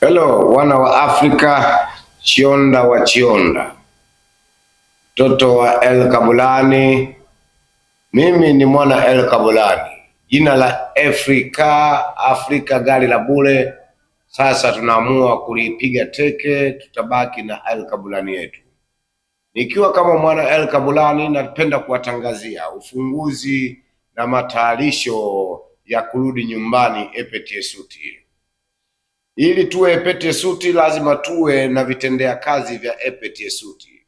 Hello wana wa Afrika, Chionda wa Chionda, mtoto wa El Kabulani. Mimi ni mwana El Kabulani, jina la Afrika, Afrika gari la bure. Sasa tunaamua kulipiga teke, tutabaki na El Kabulani yetu. Nikiwa kama mwana El Kabulani, napenda kuwatangazia ufunguzi na matayarisho ya kurudi nyumbani Epet ili tuwe epetesuti lazima tuwe na vitendea kazi vya epetesuti.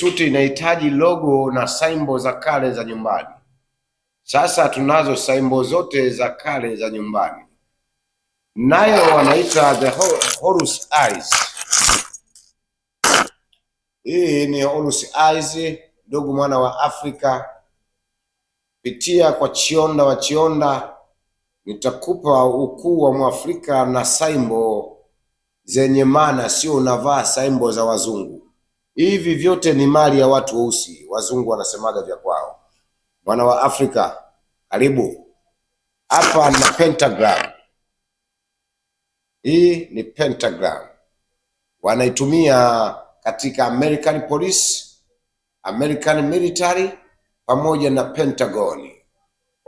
suti inahitaji logo na saimbo za kale za nyumbani. Sasa tunazo saimbo zote za kale za nyumbani, nayo wanaita the Horus eyes. Hii ni Horus eyes, ndugu mwana wa Afrika, pitia kwa chionda wa chionda nitakupa ukuu wa Mwafrika na saimbo zenye maana, sio unavaa saimbo za wazungu. Hivi vyote ni mali ya watu weusi, wazungu wanasemaga vya kwao. Mwana wa Afrika, karibu hapa na pentagram. Hii ni pentagram, wanaitumia katika American Police, American Military pamoja na Pentagon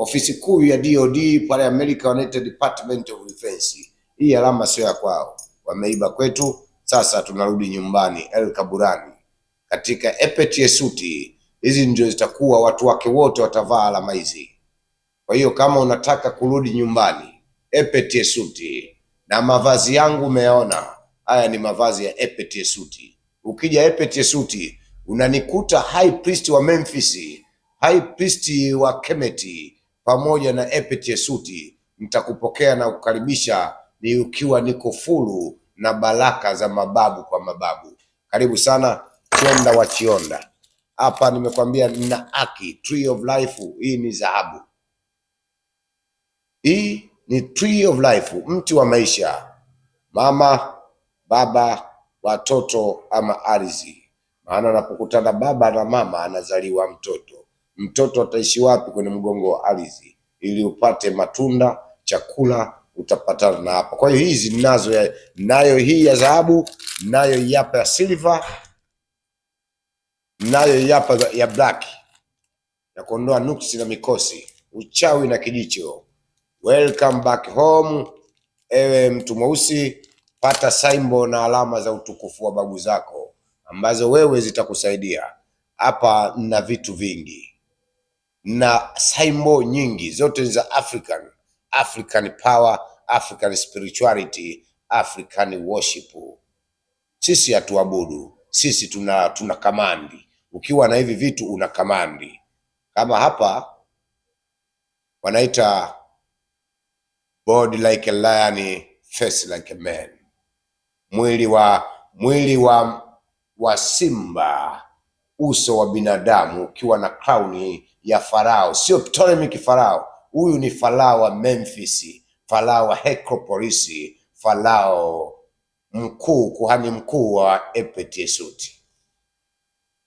ofisi kuu ya DOD pale America United Department of Defense. Hii alama sio ya kwao, wameiba kwetu. Sasa tunarudi nyumbani El Kaburani katika suti Hizi ndio zitakuwa watu wake wote watavaa alama hizi. Kwa hiyo kama unataka kurudi nyumbani suti na mavazi yangu umeona haya ni mavazi ya suti. Ukija suti unanikuta high priest wa Memphis, high priest wa Kemeti pamoja na Epitesuti nitakupokea na kukaribisha ni ukiwa niko fulu na baraka za mababu kwa mababu. Karibu sana Chionda wa Chionda, hapa nimekwambia nina aki Tree of life hii ni dhahabu, hii ni tree of life, mti wa maisha. Mama, baba, watoto ama ardhi, maana anapokutana baba na mama anazaliwa mtoto mtoto ataishi wapi kwenye mgongo wa ardhi, ili upate matunda, chakula utapatana na hapa. Kwa hiyo hizi ninazo nayo hii ya dhahabu, nayo hii hapa ya silver, nayo hii hapa ya black ya kuondoa nuksi na mikosi, uchawi na kijicho. Welcome back home, ewe mtu mweusi, pata saimbo na alama za utukufu wa babu zako ambazo wewe zitakusaidia. Hapa na vitu vingi na saimbo nyingi zote za African, African power, African spirituality, African worship. Sisi hatuabudu, sisi tuna tuna kamandi. Ukiwa na hivi vitu una kamandi, kama hapa wanaita body like a lion, face like a man, mwili wa mwili wa wa simba uso wa binadamu ukiwa na crown ya Farao, sio Ptolemy kifarao. Huyu ni Farao wa Memphis, Farao wa Heliopolis, Farao mkuu, kuhani mkuu wa Epetesut.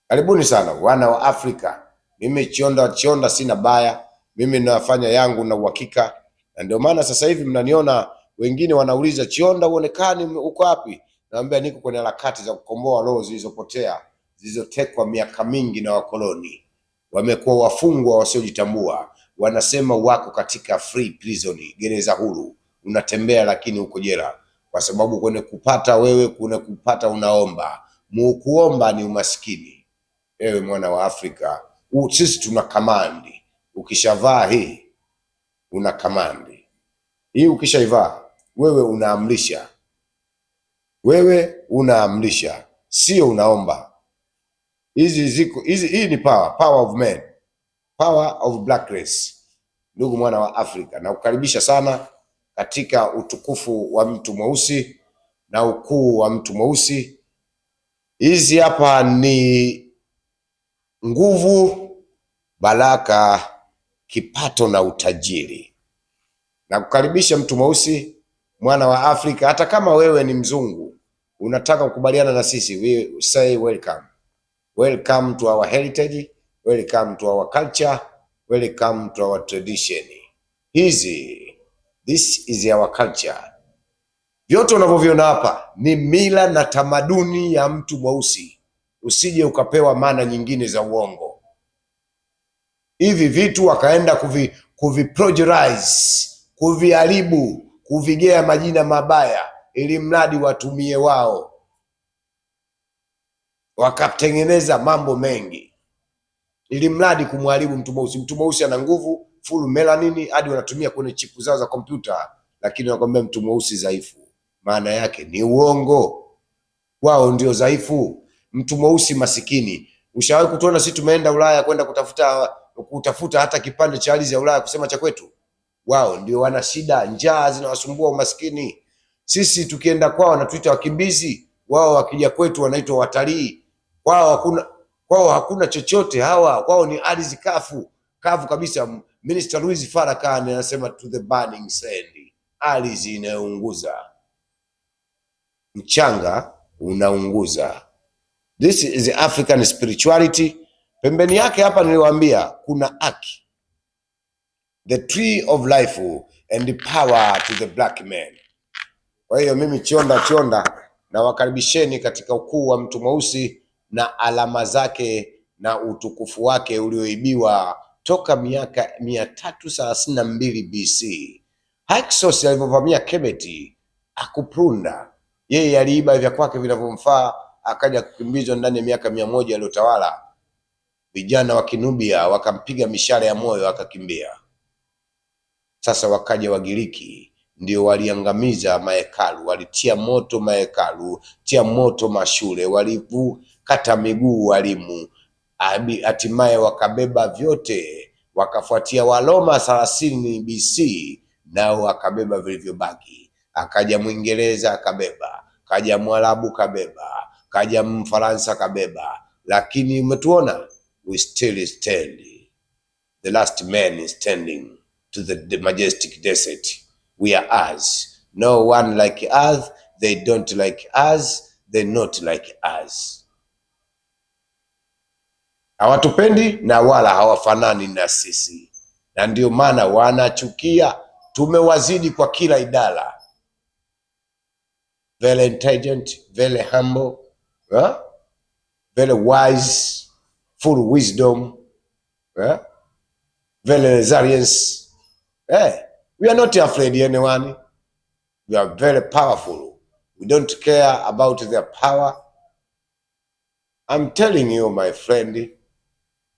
Karibuni sana wana wa Afrika. Mimi Chionda Chionda, sina baya, mimi nafanya yangu na uhakika, na ndio maana sasa hivi mnaniona wengine wanauliza, Chionda, uonekani uko wapi? Naambia niko kwenye harakati za kukomboa roho zilizopotea zilizotekwa miaka mingi na wakoloni. Wamekuwa wafungwa wasiojitambua, wanasema wako katika free prison, gereza huru. Unatembea lakini uko jela, kwa sababu kwenye kupata wewe kwenye kupata unaomba, muukuomba ni umaskini. Ewe mwana wa Afrika, sisi tuna kamandi. Ukishavaa hii una kamandi hii, ukishaivaa wewe unaamrisha, wewe unaamrisha, sio unaomba hizi ziko hizi, hii ni power, power of men, power of black race, ndugu mwana wa Afrika, na kukaribisha sana katika utukufu wa mtu mweusi na ukuu wa mtu mweusi. Hizi hapa ni nguvu, baraka, kipato na utajiri. Na kukaribisha mtu mweusi mwana wa Afrika, hata kama wewe ni mzungu unataka kukubaliana na sisi, we say welcome. Welcome to our heritage, welcome to our culture, welcome to our tradition. Hizi, this is our culture. Vyote unavyoviona hapa ni mila na tamaduni ya mtu mweusi, usije ukapewa maana nyingine za uongo. Hivi vitu wakaenda kuvi, kuviprojerize, kuviharibu, kuvigea majina mabaya, ili mradi watumie wao wakatengeneza mambo mengi, ili mradi kumharibu mtu mweusi. Mtu mweusi ana nguvu full melanin, hadi wanatumia kwenye chipu zao za kompyuta, lakini wanakwambia mtu mweusi dhaifu. Maana yake ni uongo, wao ndio dhaifu, mtu mweusi masikini. Ushawahi kutuona sisi tumeenda Ulaya kwenda kutafuta kutafuta hata kipande cha ardhi ya Ulaya kusema cha kwetu? Wao ndio wana shida, njaa zinawasumbua, umaskini. Sisi tukienda kwao wanatuita wakimbizi, wao wakija kwetu wanaitwa watalii kwao hakuna, kwao hakuna chochote hawa, kwao ni ardhi kafu kafu kabisa. Minister Louis Farrakhan anasema to the burning sand, ardhi inayounguza mchanga unaunguza. This is African spirituality. Pembeni yake hapa niliwaambia kuna aki the tree of life and the power to the black man. Kwa hiyo mimi Chionda Chionda nawakaribisheni katika ukuu wa mtu mweusi na alama zake na utukufu wake ulioibiwa toka miaka mia tatu thelathini na mbili BC. Hyksos alivyovamia Kemeti akuprunda yeye, aliiba vya kwake vinavyomfaa, akaja kukimbizwa ndani ya miaka mia moja aliyotawala. Vijana wa Kinubia wakampiga mishale ya moyo akakimbia. Sasa wakaja Wagiriki ndio waliangamiza mahekalu, walitia moto mahekalu, tia moto mashule, walivu kata miguu walimu, hatimaye wakabeba vyote, wakafuatia Waroma thelathini BC nao akabeba vilivyobaki. Akaja Mwingereza akabeba, kaja Mwarabu kabeba, kaja Mfaransa kabeba, lakini umetuona, we still stand the last man is standing to the majestic desert. We are us. No one like us. They don't like us. They not like us hawatupendi na wala hawafanani na sisi, na ndio maana wanachukia. Tumewazidi kwa kila idara, very intelligent, very humble, huh? Eh? very wise, full wisdom, huh? Eh? very resilience. Hey, eh? we are not afraid anyone. We are very powerful. We don't care about their power. I'm telling you, my friend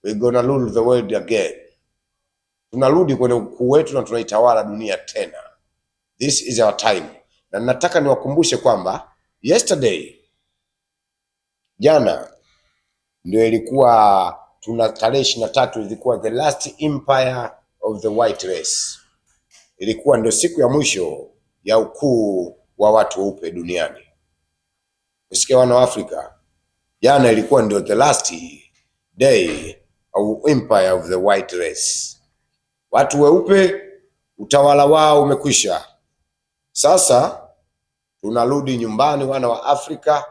We're gonna rule the world again. Tunarudi kwenye ukuu wetu na tunaitawala dunia tena. This is our time. Na nataka niwakumbushe kwamba yesterday, jana ndio ilikuwa tuna tarehe ishirini na tatu ilikuwa the last empire of the white race, ilikuwa ndio siku ya mwisho ya ukuu wa watu weupe duniani. Usikie wana wa Afrika, jana ilikuwa ndio the last day au empire of the white race. Watu weupe utawala wao umekwisha. Sasa tunarudi nyumbani, wana wa Afrika,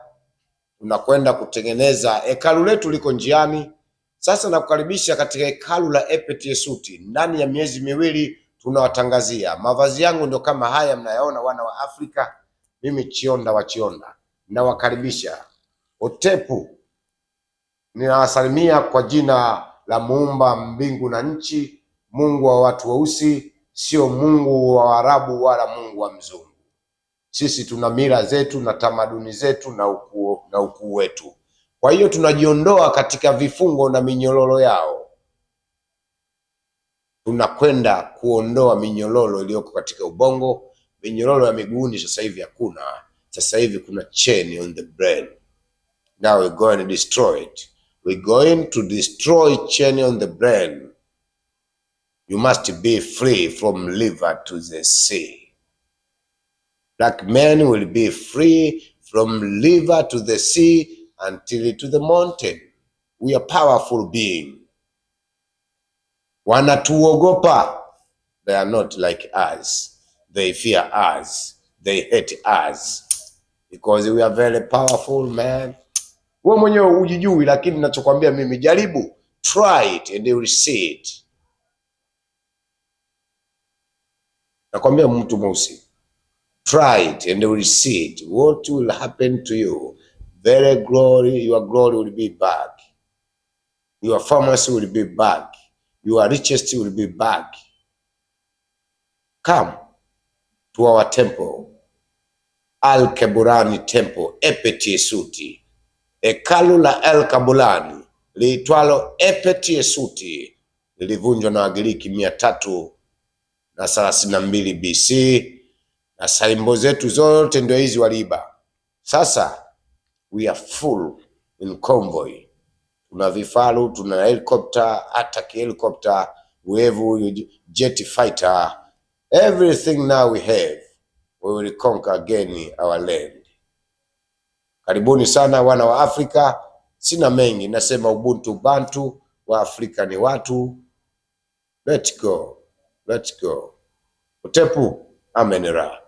tunakwenda kutengeneza hekalu letu, liko njiani. Sasa nakukaribisha katika hekalu la Yesuti. Ndani ya miezi miwili tunawatangazia. Mavazi yangu ndio kama haya mnayaona, wana wa Afrika. Mimi Chionda wa Chionda nawakaribisha. Otepu ninawasalimia kwa jina la muumba mbingu na nchi, Mungu wa watu weusi, sio Mungu wa arabu wala Mungu wa mzungu. Sisi tuna mila zetu na tamaduni zetu na ukuu na ukuu wetu, kwa hiyo tunajiondoa katika vifungo na minyororo yao, tunakwenda kuondoa minyororo iliyoko katika ubongo. Minyororo ya miguuni sasa hivi hakuna, sasa hivi kuna chain on the brain. Now we're going to destroy it. We're going to destroy chain on the brain. You must be free from liver to the sea. Black men will be free from liver to the sea until to the mountain. We are powerful being. Wanatuogopa. They are not like us. They fear us. They hate us. Because we are very powerful, man. Wewe mwenyewe hujijui, lakini ninachokwambia mimi, jaribu, try it and you will see it. Nakwambia mtu mweusi, try it and you will see it. What will happen to you? Very glory, your glory will be back. Your pharmacy will be back. Your riches will be back. Come to our temple. Al Keburani temple, Epeti Suti. Hekalu la El Kabulani liitwalo Epetiesuti lilivunjwa na Wagiriki mia tatu na thelathini na mbili BC, na saimbo zetu zote ndio hizi waliiba. Sasa we are full in convoy, tuna vifaru, tuna helikopta, attack helikopta, wevu, jet fighter, everything now we have, we will conquer again our land. Karibuni sana wana wa Afrika, sina mengi nasema, ubuntu bantu, wa Afrika ni watu. Let's go. Let's go. Utepu amenera